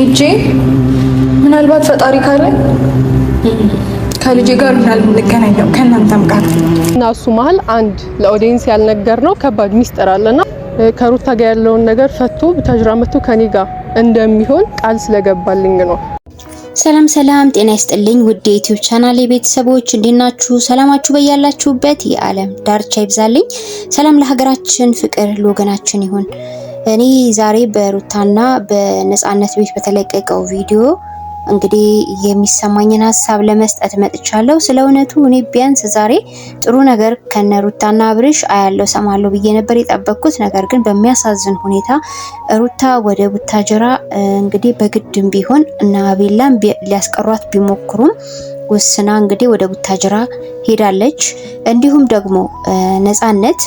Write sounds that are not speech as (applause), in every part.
ሄጄ ምናልባት ፈጣሪ ካለ ከልጅ ጋር እንዳልንገናኘው ከእናንተም ጋር እና እሱ መሀል አንድ ለኦዲየንስ ያልነገር ነው ከባድ ሚስጥር አለና ከሩታ ጋር ያለውን ነገር ፈቶ ተጅራመቶ ከኔ ጋር እንደሚሆን ቃል ስለገባልኝ ነው። ሰላም ሰላም፣ ጤና ይስጥልኝ ውድ የዩቲዩብ ቻናል ቤተሰቦች እንዴት ናችሁ? ሰላማችሁ በያላችሁበት የዓለም ዳርቻ ይብዛልኝ። ሰላም ለሀገራችን፣ ፍቅር ለወገናችን ይሁን። እኔ ዛሬ በሩታና በነፃነት ቤት በተለቀቀው ቪዲዮ እንግዲህ የሚሰማኝን ሀሳብ ለመስጠት መጥቻለሁ። ስለ እውነቱ እኔ ቢያንስ ዛሬ ጥሩ ነገር ከነሩታና አብርሽ አያለው ሰማለሁ ብዬ ነበር የጠበቅኩት። ነገር ግን በሚያሳዝን ሁኔታ ሩታ ወደ ቡታጀራ እንግዲህ በግድም ቢሆን እና አቤላም ሊያስቀሯት ቢሞክሩም ውስና እንግዲህ ወደ ቡታጀራ ሄዳለች። እንዲሁም ደግሞ ነፃነት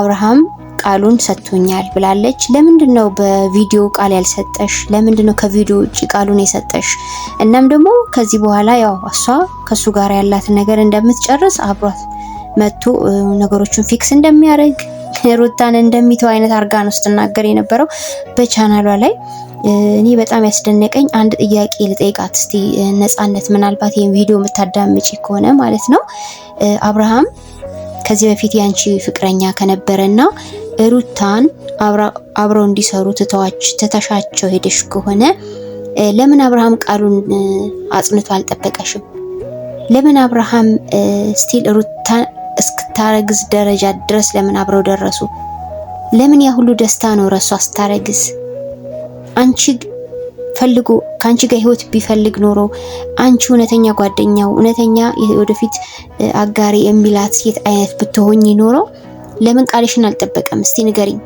አብርሃም ቃሉን ሰጥቶኛል ብላለች። ለምንድን ነው በቪዲዮ ቃል ያልሰጠሽ? ለምንድን ነው ከቪዲዮ ውጭ ቃሉን የሰጠሽ? እናም ደግሞ ከዚህ በኋላ ያው እሷ ከሱ ጋር ያላትን ነገር እንደምትጨርስ አብሯት መጥቶ ነገሮችን ፊክስ እንደሚያደርግ ሩታን እንደሚተው አይነት አርጋ ነው ስትናገር የነበረው በቻናሏ ላይ። እኔ በጣም ያስደነቀኝ አንድ ጥያቄ ልጠይቃት እስቲ ነጻነት፣ ምናልባት ይህን ቪዲዮ የምታዳምጪ ከሆነ ማለት ነው አብርሃም ከዚህ በፊት ያንቺ ፍቅረኛ ከነበረና ሩታን አብረው እንዲሰሩ ትተዋች ትተሻቸው ሄደሽ ከሆነ ለምን አብርሃም ቃሉን አጽንቶ አልጠበቀሽም? ለምን አብርሃም ስቲል ሩታ እስክታረግዝ ደረጃ ድረስ ለምን አብረው ደረሱ? ለምን ያ ሁሉ ደስታ ነው ረሱ አስታረግዝ አንቺ ፈልጎ ከአንቺ ጋር ህይወት ቢፈልግ ኖሮ አንቺ እውነተኛ ጓደኛው እውነተኛ ወደፊት አጋሪ የሚላት ሴት አይነት ብትሆኝ ኖሮ ለምን ቃልሽን አልጠበቀም? እስቲ ንገሪኝ።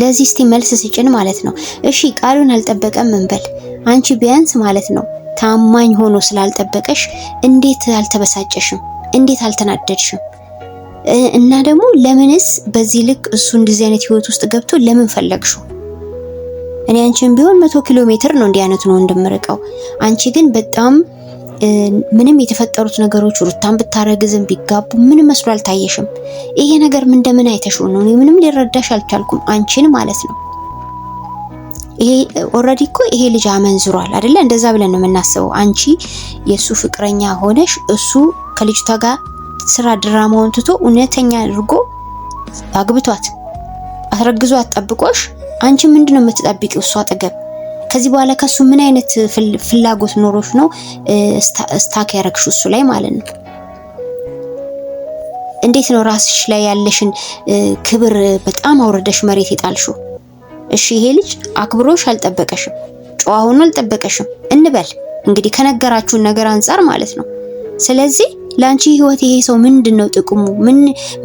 ለዚህ እስቲ መልስ ስጭን ማለት ነው። እሺ ቃሉን አልጠበቀም እንበል። አንቺ ቢያንስ ማለት ነው ታማኝ ሆኖ ስላልጠበቀሽ እንዴት አልተበሳጨሽም? እንዴት አልተናደድሽም? እና ደግሞ ለምንስ በዚህ ልክ እሱ እንደዚህ አይነት ህይወት ውስጥ ገብቶ ለምን ፈለግሽው? እኔ አንቺን ቢሆን መቶ ኪሎ ሜትር ነው እንዲህ አይነት ነው እንደምርቀው። አንቺ ግን በጣም ምንም የተፈጠሩት ነገሮች ሩታን ብታረግዝም ቢጋቡ ምን መስሎ አልታየሽም? ይሄ ነገር ምን እንደምን አይተሽው ነው? ምንም ሊረዳሽ አልቻልኩም፣ አንቺን ማለት ነው። ይሄ ኦልሬዲ እኮ ይሄ ልጅ አመንዝሯል አይደለ? እንደዛ ብለን ነው የምናስበው። አንቺ የእሱ ፍቅረኛ ሆነሽ እሱ ከልጅቷ ጋር ስራ ድራማውን ትቶ እውነተኛ አድርጎ አግብቷት አስረግዟት ጠብቆሽ አንቺ ምንድነው የምትጠብቂው እሱ አጠገብ ከዚህ በኋላ ከሱ ምን አይነት ፍላጎት ኖሮሽ ነው ስታክ ያረግሹ እሱ ላይ ማለት ነው? እንዴት ነው ራስሽ ላይ ያለሽን ክብር በጣም አውረደሽ መሬት የጣልሽው? እሺ ይሄ ልጅ አክብሮሽ አልጠበቀሽም፣ ጨዋ ሆኖ አልጠበቀሽም እንበል እንግዲህ ከነገራችሁን ነገር አንጻር ማለት ነው። ስለዚህ ለአንቺ ህይወት ይሄ ሰው ምንድን ነው ጥቅሙ? ምን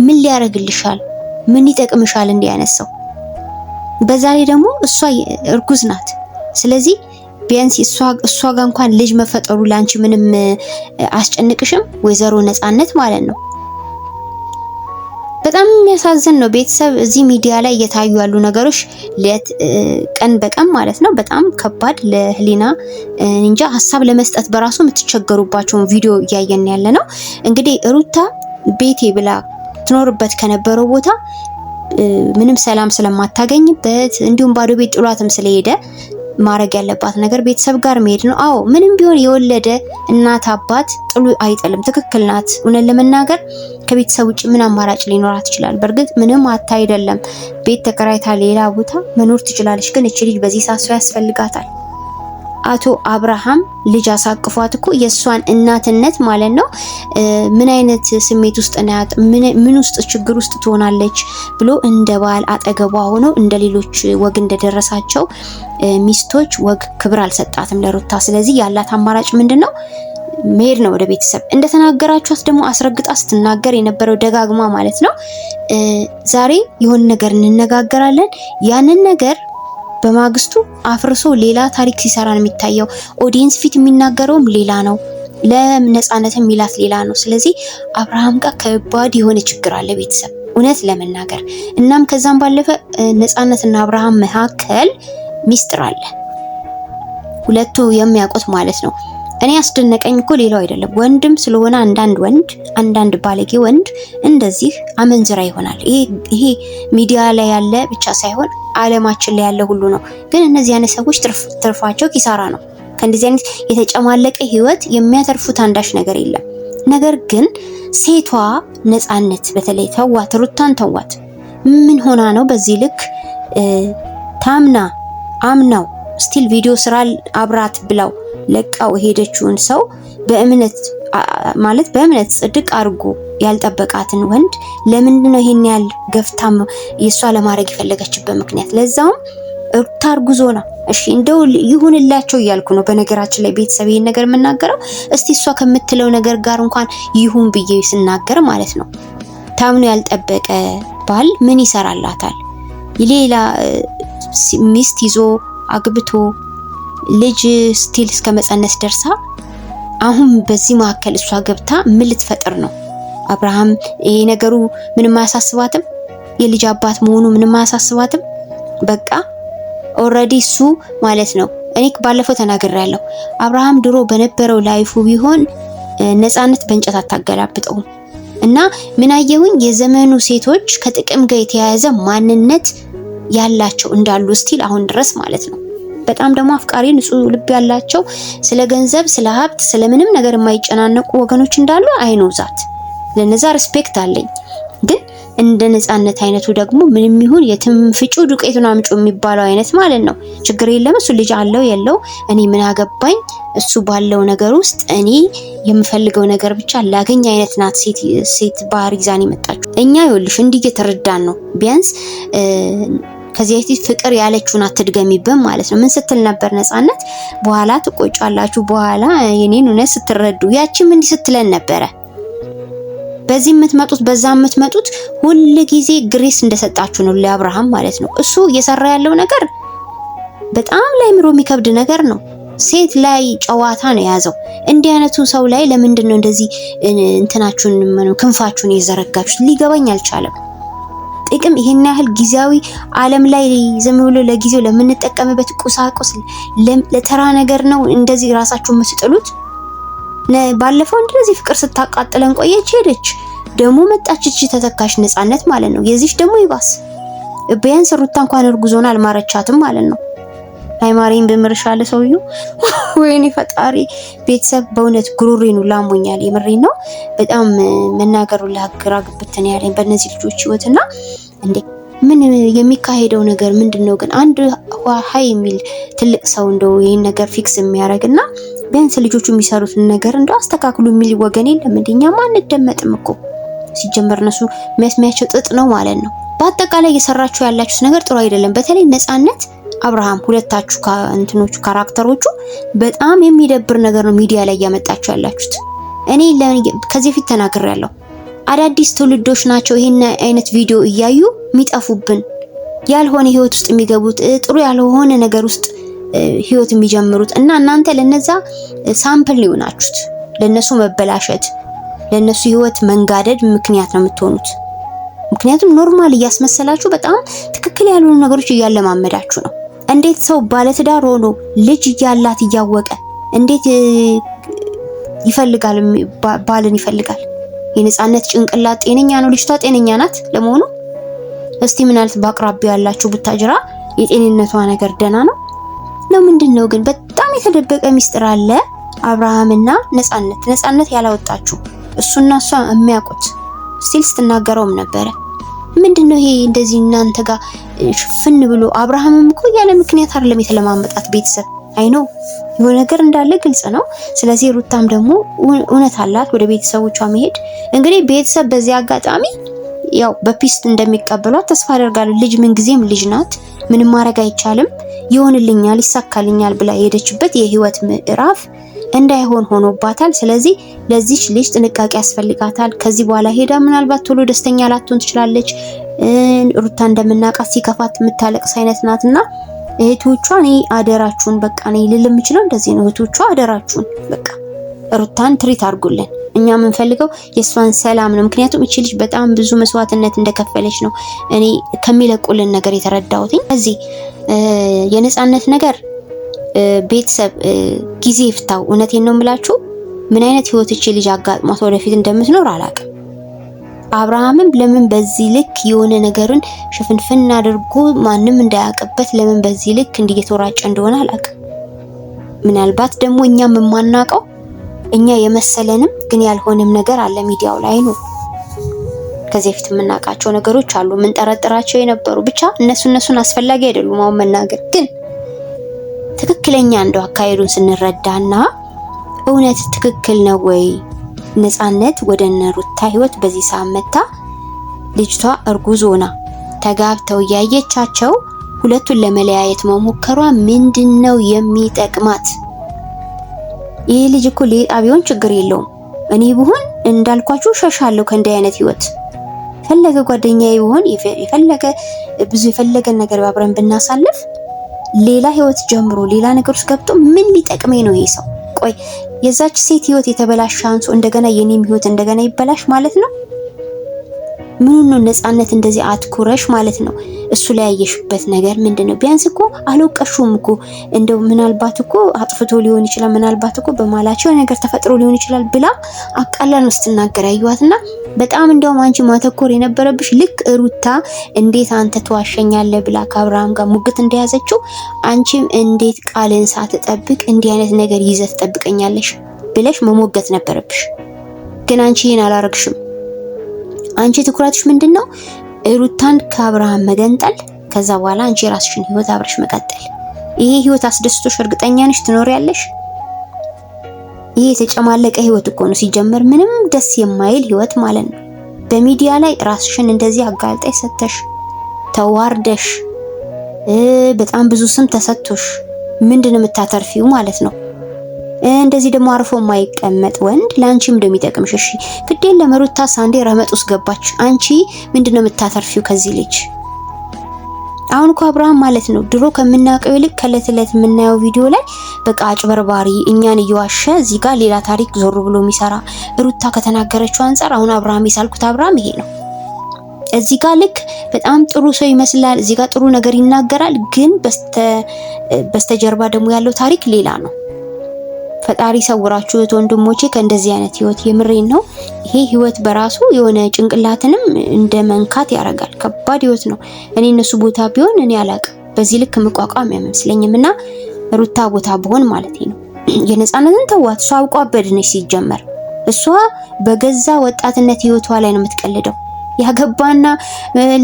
ምን ሊያደርግልሻል? ምን ይጠቅምሻል? እንዲያነሳው በዛ ላይ ደግሞ እሷ እርጉዝ ናት። ስለዚህ ቢያንስ እሷ ጋር እንኳን ልጅ መፈጠሩ ላንቺ ምንም አስጨንቅሽም ወይዘሮ ነፃነት ማለት ነው። በጣም የሚያሳዝን ነው። ቤተሰብ እዚህ ሚዲያ ላይ እየታዩ ያሉ ነገሮች ለት ቀን በቀን ማለት ነው በጣም ከባድ ለህሊና እንጃ ሀሳብ ለመስጠት በራሱ የምትቸገሩባቸውን ቪዲዮ እያየን ያለ ነው። እንግዲህ ሩታ ቤቴ ብላ ትኖርበት ከነበረው ቦታ ምንም ሰላም ስለማታገኝበት እንዲሁም ባዶ ቤት ጥሏትም ስለሄደ ማድረግ ያለባት ነገር ቤተሰብ ጋር መሄድ ነው። አዎ ምንም ቢሆን የወለደ እናት አባት ጥሉ አይጠልም። ትክክል ናት። እውነት ለመናገር ከቤተሰብ ውጭ ምን አማራጭ ሊኖራት ይችላል? በእርግጥ ምንም አታ አይደለም። ቤት ተከራይታ ሌላ ቦታ መኖር ትችላለች። ግን እች ልጅ በዚህ ሳሶ ያስፈልጋታል። አቶ አብርሃም ልጅ አሳቅፏት እኮ የእሷን እናትነት ማለት ነው። ምን አይነት ስሜት ውስጥ ናት? ምን ውስጥ ችግር ውስጥ ትሆናለች ብሎ እንደ ባል አጠገቧ ሆኖ እንደ ሌሎች ወግ እንደደረሳቸው ሚስቶች ወግ ክብር አልሰጣትም ለሩታ። ስለዚህ ያላት አማራጭ ምንድን ነው? መሄድ ነው ወደ ቤተሰብ። እንደተናገራችኋት ደግሞ አስረግጣ ስትናገር የነበረው ደጋግማ ማለት ነው። ዛሬ የሆነ ነገር እንነጋገራለን ያንን ነገር በማግስቱ አፍርሶ ሌላ ታሪክ ሲሰራ ነው የሚታየው። ኦዲየንስ ፊት የሚናገረውም ሌላ ነው። ለነፃነት የሚላት ሌላ ነው። ስለዚህ አብርሃም ጋር ከባድ የሆነ ችግር አለ ቤተሰብ እውነት ለመናገር እናም ከዛም ባለፈ ነፃነትና አብርሃም መካከል ሚስጥር አለ። ሁለቱ የሚያውቁት ማለት ነው። እኔ ያስደነቀኝ እኮ ሌላው አይደለም፣ ወንድም ስለሆነ አንዳንድ ወንድ አንዳንድ ባለጌ ወንድ እንደዚህ አመንዝራ ይሆናል። ይሄ ሚዲያ ላይ ያለ ብቻ ሳይሆን ዓለማችን ላይ ያለ ሁሉ ነው። ግን እነዚህ አይነት ሰዎች ትርፋቸው ኪሳራ ነው። ከእንደዚህ አይነት የተጨማለቀ ህይወት የሚያተርፉት አንዳች ነገር የለም። ነገር ግን ሴቷ ነፃነት በተለይ ተዋት፣ ሩታን ተዋት። ምን ሆና ነው በዚህ ልክ ታምና አምናው ስቲል ቪዲዮ ስራ አብራት ብላው ለቃው ሄደችውን ሰው በእምነት ማለት በእምነት ጽድቅ አድርጎ ያልጠበቃትን ወንድ ለምንድን ነው ይሄን ያህል ገፍታም የእሷ ለማድረግ የፈለገችበት ምክንያት? ለዛውም እርታ እርጉዞ እሺ እንደው ይሁንላቸው እያልኩ ነው። በነገራችን ላይ ቤተሰብ ይሄን ነገር የምናገረው እስቲ እሷ ከምትለው ነገር ጋር እንኳን ይሁን ብዬ ስናገር ማለት ነው። ታምኖ ያልጠበቀ ባል ምን ይሰራላታል? ሌላ ሚስት ይዞ አግብቶ ልጅ ስቲል እስከ መጸነስ ደርሳ አሁን በዚህ መካከል እሷ ገብታ ምን ልትፈጥር ነው? አብርሃም ይሄ ነገሩ ምንም አያሳስባትም። የልጅ አባት መሆኑ ምንም አያሳስባትም። በቃ ኦልሬዲ እሱ ማለት ነው። እኔ ባለፈው ተናግሬያለሁ። አብርሃም ድሮ በነበረው ላይፉ ቢሆን ነፃነት በእንጨት አታገላብጠውም። እና ምን አየሁኝ የዘመኑ ሴቶች ከጥቅም ጋር የተያያዘ ማንነት ያላቸው እንዳሉ ስቲል አሁን ድረስ ማለት ነው በጣም ደግሞ አፍቃሪ ንጹህ ልብ ያላቸው ስለ ገንዘብ፣ ስለ ሀብት፣ ስለ ምንም ነገር የማይጨናነቁ ወገኖች እንዳሉ አይነው ዛት ለነዛ ሪስፔክት አለኝ። ግን እንደ ነጻነት አይነቱ ደግሞ ምንም ይሁን የትም ፍጩ ዱቄቱን አምጩ የሚባለው አይነት ማለት ነው። ችግር የለም እሱ ልጅ አለው የለው እኔ ምን አገባኝ። እሱ ባለው ነገር ውስጥ እኔ የምፈልገው ነገር ብቻ ላገኝ አይነት ናት ሴት ባህሪ ይዛን የመጣችው። እኛ ይኸውልሽ እንዲህ እየተረዳን ነው ቢያንስ ከዚህ በፊት ፍቅር ያለችውን አትድገሚብን ማለት ነው። ምን ስትል ነበር ነፃነት? በኋላ ትቆጫላችሁ፣ በኋላ የኔን እውነት ስትረዱ። ያቺም እንዲህ ስትለን ነበረ። በዚህ የምትመጡት በዛ የምትመጡት ሁል ጊዜ ግሬስ እንደሰጣችሁ ነው ለአብርሃም ማለት ነው። እሱ እየሰራ ያለው ነገር በጣም ለአእምሮ የሚከብድ ነገር ነው። ሴት ላይ ጨዋታ ነው የያዘው። እንዲህ አይነቱ ሰው ላይ ለምንድን ነው እንደዚህ እንትናችሁን ክንፋችሁን የዘረጋችሁት? ሊገባኝ አልቻለም። ጥቅም ይሄን ያህል ጊዜያዊ ዓለም ላይ ዝም ብሎ ለጊዜው ለምንጠቀምበት ቁሳቁስ ለተራ ነገር ነው እንደዚህ ራሳችሁን የምትጥሉት። ባለፈው እንደዚህ ፍቅር ስታቃጥለን ቆየች፣ ሄደች፣ ደግሞ መጣች። እቺ ተተካሽ ነፃነት ማለት ነው። የዚች ደግሞ ይባስ ቢያንስ ሩታ እንኳን እርጉዞን አልማረቻትም ማለት ነው። ሃይማሪን ብምርሻለ ሰውዬው ወይኔ ፈጣሪ ቤተሰብ በእውነት ጉሮሬኑ ላሞኛል። የምሬ ነው። በጣም መናገሩ ለሀገራ ግብትን ያለኝ በእነዚህ ልጆች ህይወትና እንዴ ምን የሚካሄደው ነገር ምንድን ነው? ግን አንድ ሀይ የሚል ትልቅ ሰው እንደው ይህን ነገር ፊክስ የሚያደርግ እና ቢያንስ ልጆቹ የሚሰሩትን ነገር እንደው አስተካክሉ የሚል ወገን የለም። እንደኛማ አንደመጥም እኮ ሲጀመር እነሱ የሚያስሚያቸው ጥጥ ነው ማለት ነው። በአጠቃላይ እየሰራችሁ ያላችሁት ነገር ጥሩ አይደለም። በተለይ ነፃነት፣ አብርሃም ሁለታችሁ እንትኖቹ ካራክተሮቹ በጣም የሚደብር ነገር ነው ሚዲያ ላይ እያመጣችሁ ያላችሁት። እኔ ከዚህ በፊት ተናግሬያለሁ። አዳዲስ ትውልዶች ናቸው ይህን አይነት ቪዲዮ እያዩ የሚጠፉብን ያልሆነ ህይወት ውስጥ የሚገቡት ጥሩ ያልሆነ ነገር ውስጥ ህይወት የሚጀምሩት እና እናንተ ለነዛ ሳምፕል ሊሆናችሁት ለነሱ መበላሸት ለነሱ ህይወት መንጋደድ ምክንያት ነው የምትሆኑት። ምክንያቱም ኖርማል እያስመሰላችሁ በጣም ትክክል ያልሆኑ ነገሮች እያለማመዳችሁ ነው። እንዴት ሰው ባለትዳር ሆኖ ልጅ እያላት እያወቀ እንዴት ይፈልጋል? ባልን ይፈልጋል የነፃነት ጭንቅላት ጤነኛ ነው? ልጅቷ ጤነኛ ናት ለመሆኑ? እስቲ ምናልት በአቅራቢያ ያላችሁ ብታጅራ የጤንነቷ ነገር ደና ነው? ለምንድን ነው ግን በጣም የተደበቀ ሚስጥር አለ። አብርሃምና ነፃነት ነፃነት ያላወጣችሁ እሱና እሷ የሚያውቁት ስቲል ስትናገረውም ነበረ። ምንድን ነው ይሄ እንደዚህ እናንተ ጋር ሽፍን ብሎ? አብርሃምም እኮ ያለ ምክንያት አይደለም የተለማመጣት ቤተሰብ አይ ነው የሆነ ነገር እንዳለ ግልጽ ነው። ስለዚህ ሩታም ደግሞ እውነት አላት ወደ ቤተሰቦቿ መሄድ። እንግዲህ ቤተሰብ በዚህ አጋጣሚ ያው በፒስት እንደሚቀበሏት ተስፋ አደርጋለሁ። ልጅ ምን ጊዜም ልጅ ናት፣ ምንም ማድረግ አይቻልም። ይሆንልኛል፣ ይሳካልኛል ብላ የሄደችበት የህይወት ምዕራፍ እንዳይሆን ሆኖባታል። ስለዚህ ለዚች ልጅ ጥንቃቄ ያስፈልጋታል። ከዚህ በኋላ ሄዳ ምናልባት ቶሎ ደስተኛ ላትሆን ትችላለች። ሩታ እንደምናውቃት ሲከፋት የምታለቅስ አይነት ናትና እህቶቿ እኔ አደራችሁን በቃ እኔ ልል የምችለው እንደዚህ ነው። እህቶቿ አደራችሁን በቃ ሩታን ትሪት አድርጉልን። እኛ የምንፈልገው የእሷን ሰላም ነው። ምክንያቱም እቺ ልጅ በጣም ብዙ መስዋዕትነት እንደከፈለች ነው እኔ ከሚለቁልን ነገር የተረዳሁትኝ። እዚህ የነፃነት ነገር ቤተሰብ ጊዜ ይፍታው። እውነቴን ነው የምላችሁ። ምን አይነት ህይወት እቺ ልጅ አጋጥሟት ወደፊት እንደምትኖር አላውቅም። አብርሃምም ለምን በዚህ ልክ የሆነ ነገርን ሽፍንፍን አድርጎ ማንም እንዳያውቅበት ለምን በዚህ ልክ እንዲህ እንደሆነ አላውቅም። ምናልባት ደግሞ እኛም የማናውቀው እኛ የመሰለንም ግን ያልሆነም ነገር አለ ሚዲያው ላይ ነው። ከዚህ በፊት የምናውቃቸው ነገሮች አሉ፣ የምንጠረጥራቸው የነበሩ ብቻ እነሱ እነሱን አስፈላጊ አይደሉም አሁን መናገር። ግን ትክክለኛ እንደው አካሄዱን ስንረዳና እውነት ትክክል ነው ወይ ነፃነት ወደ ነሩታ ህይወት በዚህ ሰዓት መታ ልጅቷ እርጉዝ ሆና ተጋብተው እያየቻቸው ሁለቱን ለመለያየት መሞከሯ ምንድን ነው የሚጠቅማት? ይህ ልጅ እኮ ሌጣ ቢሆን ችግር የለውም። እኔ ብሆን እንዳልኳችሁ ሸሻለሁ ከእንዲህ አይነት ህይወት። የፈለገ ጓደኛ ብሆን የፈለገ ብዙ የፈለገ ነገር ባብረን ብናሳልፍ ሌላ ህይወት ጀምሮ ሌላ ነገር ውስጥ ገብቶ ምን ሊጠቅመኝ ነው ይሄ ሰው? ቆይ የዛች ሴት ህይወት የተበላሸ አንሱ እንደገና የኔም ህይወት እንደገና ይበላሽ ማለት ነው። ምኑን ነው ነፃነት እንደዚህ አትኩረሽ ማለት ነው። እሱ ላይ ያየሽበት ነገር ምንድን ነው? ቢያንስ እኮ አልወቀሹም እኮ እንደው ምናልባት እኮ አጥፍቶ ሊሆን ይችላል፣ ምናልባት እኮ በማላቸው ነገር ተፈጥሮ ሊሆን ይችላል ብላ አቃላን ነው ስትናገር ያዩዋትና በጣም እንደውም አንቺ ማተኮር የነበረብሽ ልክ ሩታ እንዴት አንተ ትዋሸኛለህ ብላ ከአብርሃም ጋር ሙግት እንደያዘችው አንቺም እንዴት ቃልን ሳትጠብቅ እንዲህ አይነት ነገር ይዘህ ትጠብቀኛለሽ ብለሽ መሞገት ነበረብሽ። ግን አንቺ ይህን አላረግሽም። አንቺ ትኩረትሽ ምንድን ነው? ሩታን ከአብርሃም መገንጠል፣ ከዛ በኋላ አንቺ የራስሽን ህይወት አብረሽ መቀጠል። ይሄ ህይወት አስደስቶሽ እርግጠኛ ነሽ ትኖሪያለሽ? ይሄ የተጨማለቀ ህይወት እኮ ነው ሲጀመር፣ ምንም ደስ የማይል ህይወት ማለት ነው። በሚዲያ ላይ ራስሽን እንደዚህ አጋልጣይ ሰተሽ ተዋርደሽ በጣም ብዙ ስም ተሰጥቶሽ ምንድን የምታተርፊው ማለት ነው? እንደዚህ ደግሞ አርፎ የማይቀመጥ ወንድ ለአንቺም እንደሚጠቅምሽ እሺ። ግዴን ለመሩታ ሳንዴ ረመጥ ውስጥ ገባች። አንቺ ምንድነው የምታተርፊው ከዚህ ልጅ? አሁን እኮ አብርሃም ማለት ነው ድሮ ከምናውቀው ይልቅ ከእለት እለት የምናየው ቪዲዮ ላይ በቃ አጭበርባሪ፣ እኛን እየዋሸ እዚህ ጋር ሌላ ታሪክ ዞር ብሎ የሚሰራ ሩታ ከተናገረችው አንጻር አሁን አብርሃም የሳልኩት አብርሃም ይሄ ነው። እዚህ ጋር ልክ በጣም ጥሩ ሰው ይመስላል፣ እዚህ ጋር ጥሩ ነገር ይናገራል፣ ግን በስተ በስተጀርባ ደግሞ ያለው ታሪክ ሌላ ነው። ፈጣሪ ሰውራችሁ እህት ወንድሞቼ ከእንደዚህ አይነት ህይወት። የምሬን ነው። ይሄ ህይወት በራሱ የሆነ ጭንቅላትንም እንደ መንካት ያደርጋል። ከባድ ህይወት ነው። እኔ እነሱ ቦታ ቢሆን እኔ አላቅ በዚህ ልክ መቋቋም አይመስለኝም። እና ሩታ ቦታ ብሆን ማለት ነው (clears throat) የነፃነትን ተዋት። እሷ አውቋ በድነች። ሲጀመር እሷ በገዛ ወጣትነት ህይወቷ ላይ ነው የምትቀልደው። ያገባና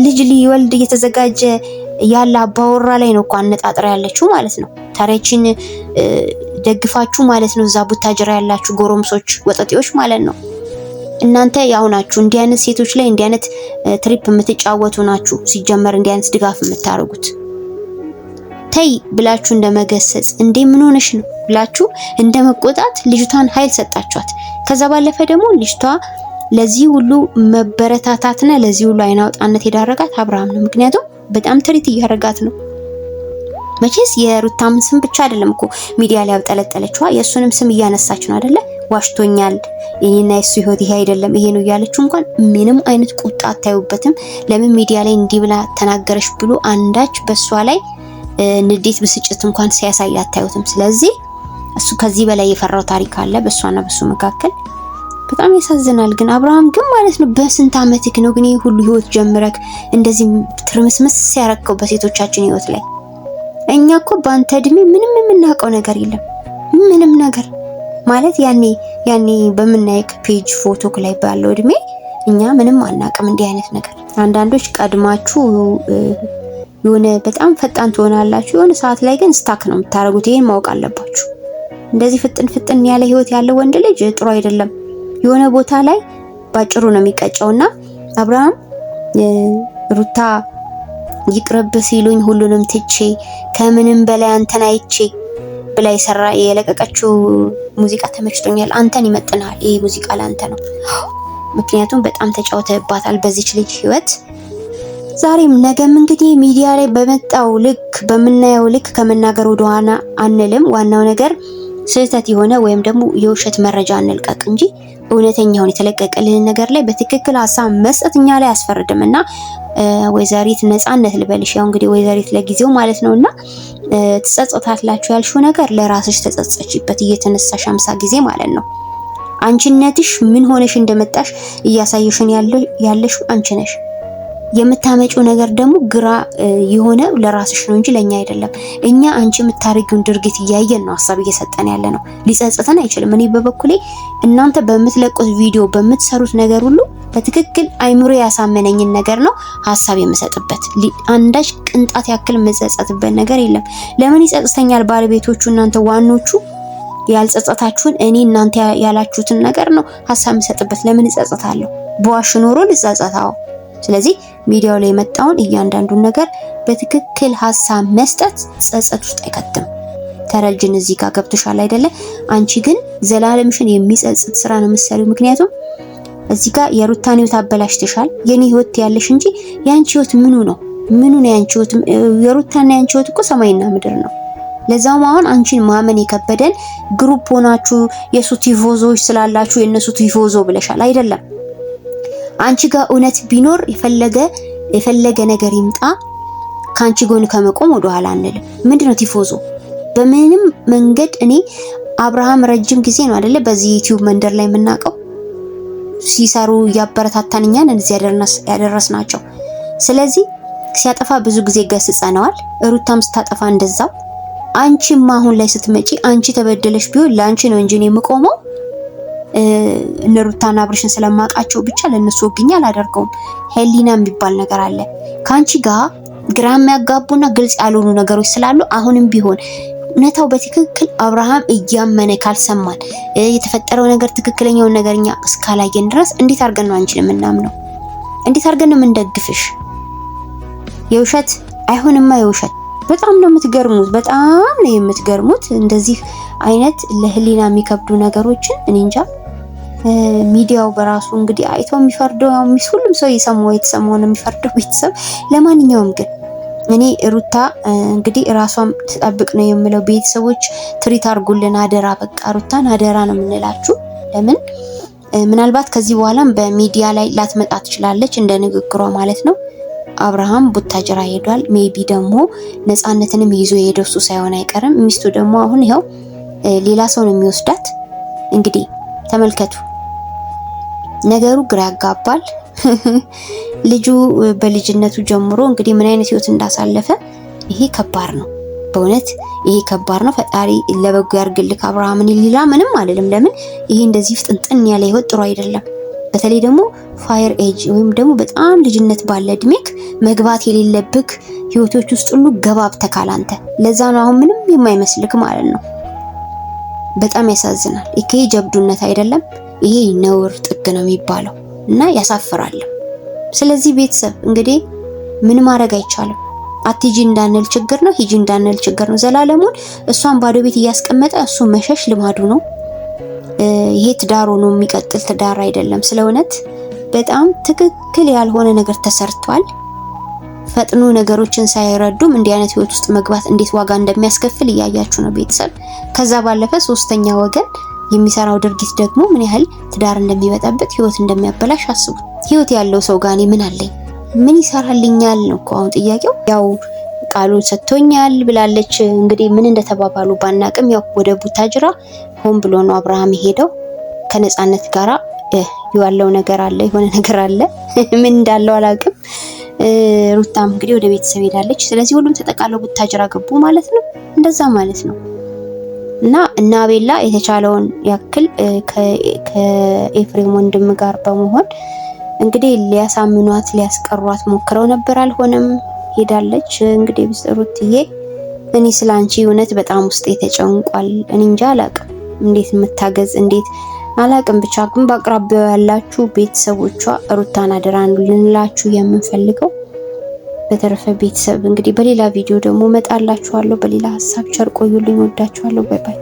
ልጅ ሊወልድ እየተዘጋጀ ያለ አባወራ ላይ ነው እኮ አነጣጥራ ያለችው ማለት ነው ታሪያችን ደግፋችሁ ማለት ነው። እዛ ቡታጅራ ያላችሁ ጎረምሶች፣ ወጠጤዎች ማለት ነው። እናንተ ያው ናችሁ። እንዲህ አይነት ሴቶች ላይ እንዲህ አይነት ትሪፕ የምትጫወቱ ናችሁ። ሲጀመር እንዲህ አይነት ድጋፍ የምታደርጉት ተይ ብላችሁ እንደመገሰጽ እንዴ ምን ሆነሽ ነው ብላችሁ እንደመቆጣት ልጅቷን ኃይል ሰጣችኋት። ከዛ ባለፈ ደግሞ ልጅቷ ለዚህ ሁሉ መበረታታትና ለዚህ ሁሉ አይናውጣነት የዳረጋት አብርሃም ነው። ምክንያቱም በጣም ትሪት እያደረጋት ነው። መቼስ የሩታም ስም ብቻ አይደለም እኮ ሚዲያ ላይ ያብጠለጠለችዋ፣ የእሱንም ስም እያነሳች ነው አይደለ? ዋሽቶኛል፣ የኔና የሱ ህይወት ይሄ አይደለም ይሄ ነው እያለችው እንኳን ምንም አይነት ቁጣ አታዩበትም። ለምን ሚዲያ ላይ እንዲህ ብላ ተናገረች ብሎ አንዳች በእሷ ላይ ንዴት፣ ብስጭት እንኳን ሲያሳይ አታዩትም። ስለዚህ እሱ ከዚህ በላይ የፈራው ታሪክ አለ በእሷና በሱ መካከል። በጣም ያሳዝናል። ግን አብርሃም ግን ማለት ነው በስንት ዓመትክ ነው ግን ይህ ሁሉ ህይወት ጀምረክ እንደዚህ ትርምስምስ ሲያረከው በሴቶቻችን ህይወት ላይ እኛ እኮ በአንተ እድሜ ምንም የምናውቀው ነገር የለም። ምንም ነገር ማለት ያኔ ያኔ በምናይክ ፔጅ ፎቶክ ላይ ባለው እድሜ እኛ ምንም አናውቅም። እንዲህ አይነት ነገር አንዳንዶች ቀድማችሁ የሆነ በጣም ፈጣን ትሆናላችሁ። የሆነ ሰዓት ላይ ግን ስታክ ነው የምታደርጉት። ይሄን ማወቅ አለባችሁ። እንደዚህ ፍጥን ፍጥን ያለ ህይወት ያለው ወንድ ልጅ ጥሩ አይደለም። የሆነ ቦታ ላይ ባጭሩ ነው የሚቀጨውና አብርሃም ሩታ ይቅርብ ሲሉኝ ሁሉንም ትቼ ከምንም በላይ አንተን አይቼ ብላ የሰራ የለቀቀችው ሙዚቃ ተመችቶኛል። አንተን ይመጥናል። ይሄ ሙዚቃ ለአንተ ነው። ምክንያቱም በጣም ተጫውተባታል በዚች ልጅ ህይወት። ዛሬም ነገም እንግዲህ ሚዲያ ላይ በመጣው ልክ በምናየው ልክ ከመናገር ወደኋላ አንልም። ዋናው ነገር ስህተት የሆነ ወይም ደግሞ የውሸት መረጃ እንልቀቅ እንጂ እውነተኛውን የተለቀቀልን ነገር ላይ በትክክል ሀሳብ መስጠት እኛ ላይ አያስፈርድም እና ወይዘሪት ነጻነት ልበልሽ ያው እንግዲህ ወይዘሪት ለጊዜው ማለት ነው እና ትጸጸታላችሁ ያልሽው ነገር ለራስሽ ተጸጸችበት እየተነሳሽ አምሳ ጊዜ ማለት ነው አንቺነትሽ ምን ሆነሽ እንደመጣሽ እያሳየሽን ያለሽ አንቺ ነሽ የምታመጪው ነገር ደግሞ ግራ የሆነ ለራስሽ ነው እንጂ ለኛ አይደለም። እኛ አንቺ የምታደርጊውን ድርጊት እያየን ነው ሀሳብ እየሰጠን ያለ ነው። ሊጸጽተን አይችልም። እኔ በበኩሌ እናንተ በምትለቁት ቪዲዮ፣ በምትሰሩት ነገር ሁሉ በትክክል አይምሮ ያሳመነኝን ነገር ነው ሀሳብ የምሰጥበት። አንዳች ቅንጣት ያክል የምጸጸትበት ነገር የለም። ለምን ይጸጽተኛል? ባለቤቶቹ እናንተ ዋኖቹ ያልጸጸታችሁን እኔ እናንተ ያላችሁትን ነገር ነው ሀሳብ የምሰጥበት። ለምን እጸጸታለሁ? በዋሽ ኖሮ ልጸጸታው ስለዚህ ሚዲያው ላይ የመጣውን እያንዳንዱን ነገር በትክክል ሀሳብ መስጠት ጸጸት ውስጥ አይከትም። ተረጅን እዚህ ጋር ገብቶሻል አይደለ? አንቺ ግን ዘላለምሽን የሚጸጽት ስራ ነው የምትሰሪው። ምክንያቱም እዚህ ጋር የሩታን ህይወት አበላሽተሻል። የኔ ህይወት ያለሽ እንጂ የአንቺ ህይወት ምኑ ነው? ምኑ ነው የአንቺ ህይወት? የሩታና የአንቺ ህይወት እኮ ሰማይና ምድር ነው። ለዛውም አሁን አንቺን ማመን የከበደን ግሩፕ ሆናችሁ የሱ ቲፎዞዎች ስላላችሁ የእነሱ ቲፎዞ ብለሻል አይደለም አንቺ ጋር እውነት ቢኖር የፈለገ የፈለገ ነገር ይምጣ ከአንቺ ጎን ከመቆም ወደ ኋላ አንልም። ምንድነው ቲፎዞ፣ በምንም መንገድ እኔ አብርሃም ረጅም ጊዜ ነው አይደለ በዚህ ዩቲዩብ መንደር ላይ የምናውቀው ሲሰሩ እያበረታታን እኛን እዚህ ያደረስናቸው። ስለዚህ ሲያጠፋ ብዙ ጊዜ ገስጸነዋል። ሩታም ስታጠፋ እንደዛው። አንቺም አሁን ላይ ስትመጪ አንቺ ተበደለሽ ቢሆን ለአንቺ ነው እንጂ የምቆመው እነ ሩታና አብርሽን ስለማውቃቸው ብቻ ለእነሱ ወግኝ አላደርገውም። ሄሊና የሚባል ነገር አለ። ከአንቺ ጋር ግራ የሚያጋቡና ግልጽ ያልሆኑ ነገሮች ስላሉ አሁንም ቢሆን እውነታው በትክክል አብርሃም እያመነ ካልሰማን የተፈጠረው ነገር ትክክለኛውን ነገር እኛ እስካላየን ድረስ እንዴት አድርገን ነው አንቺን የምናምነው? እንዴት አድርገን ነው የምንደግፍሽ? የውሸት አይሆንማ። የውሸት በጣም ነው የምትገርሙት፣ በጣም ነው የምትገርሙት። እንደዚህ አይነት ለህሊና የሚከብዱ ነገሮችን እኔ እንጃ ሚዲያው በራሱ እንግዲህ አይቶ የሚፈርደው ሁሉም ሰው የሰማው ነው የሚፈርደው ቤተሰብ። ለማንኛውም ግን እኔ ሩታ እንግዲህ ራሷም ትጠብቅ ነው የምለው። ቤተሰቦች ትሪት አርጉልን አደራ። በቃ ሩታን አደራ ነው የምንላችሁ። ለምን ምናልባት ከዚህ በኋላም በሚዲያ ላይ ላትመጣ ትችላለች፣ እንደ ንግግሯ ማለት ነው። አብርሃም ቡታጅራ ሄዷል። ሜቢ ደግሞ ነፃነትንም ይዞ የሄደው እሱ ሳይሆን አይቀርም። ሚስቱ ደግሞ አሁን ይኸው ሌላ ሰው ነው የሚወስዳት። እንግዲህ ተመልከቱ። ነገሩ ግራ ያጋባል። (laughs) ልጁ በልጅነቱ ጀምሮ እንግዲህ ምን አይነት ህይወት እንዳሳለፈ ይሄ ከባድ ነው። በእውነት ይሄ ከባድ ነው። ፈጣሪ ለበጎ ያርግልክ አብርሃምን። ሌላ ምንም አልልም። ለምን ይሄ እንደዚህ ፍጥንጥን ያለ ህይወት ጥሩ አይደለም። በተለይ ደግሞ ፋየር ኤጅ ወይም ደግሞ በጣም ልጅነት ባለ እድሜክ መግባት የሌለብክ ህይወቶች ውስጥ ሁሉ ገባብ ተካላንተ። ለዛ ነው አሁን ምንም የማይመስልክ ማለት ነው። በጣም ያሳዝናል። ይሄ ጀብዱነት አይደለም። ይሄ ነውር ጥግ ነው የሚባለው እና ያሳፍራልም። ስለዚህ ቤተሰብ እንግዲህ ምን ማድረግ አይቻልም። አትጂ እንዳንል ችግር ነው፣ ሂጂ እንዳንል ችግር ነው። ዘላለሙን እሷን ባዶ ቤት እያስቀመጠ እሱ መሸሽ ልማዱ ነው። ይሄ ትዳሩ ነው የሚቀጥል ትዳር አይደለም። ስለ እውነት በጣም ትክክል ያልሆነ ነገር ተሰርቷል። ፈጥኖ ነገሮችን ሳይረዱም እንዲህ አይነት ህይወት ውስጥ መግባት እንዴት ዋጋ እንደሚያስከፍል እያያችሁ ነው ቤተሰብ። ከዛ ባለፈ ሶስተኛ ወገን የሚሰራው ድርጊት ደግሞ ምን ያህል ትዳር እንደሚበጠብጥ ህይወት እንደሚያበላሽ አስቡ። ህይወት ያለው ሰው ጋር እኔ ምን አለኝ? ምን ይሰራልኛል ነው እኮ አሁን ጥያቄው። ያው ቃሉን ሰጥቶኛል ብላለች። እንግዲህ ምን እንደተባባሉ ባናቅም ያው ወደ ቡታጅራ ሆን ብሎ ነው አብርሃም የሄደው ከነጻነት ጋራ ያለው ነገር አለ፣ የሆነ ነገር አለ። (laughs) ምን እንዳለው አላቅም። ሩታም እንግዲህ ወደ ቤተሰብ ሄዳለች። ስለዚህ ሁሉም ተጠቃለው ቡታጅራ ገቡ ማለት ነው። እንደዛ ማለት ነው። እና እና ቤላ የተቻለውን ያክል ከኤፍሬም ወንድም ጋር በመሆን እንግዲህ ሊያሳምኗት ሊያስቀሯት ሞክረው ነበር። አልሆነም፣ ሄዳለች። እንግዲህ ሩትዬ እኔ ስላንቺ እውነት በጣም ውስጤ ተጨንቋል። እኔ እንጃ አላቅም እንዴት የምታገዝ እንዴት አላቅም። ብቻ ግን በአቅራቢያው ያላችሁ ቤተሰቦቿ ሩታን አደራ ልንላችሁ የምንፈልገው በተረፈ ቤተሰብ እንግዲህ በሌላ ቪዲዮ ደግሞ መጣላችኋለሁ። በሌላ ሀሳብ ቸር ቆዩልኝ። ወዳችኋለሁ። ባይ ባይ።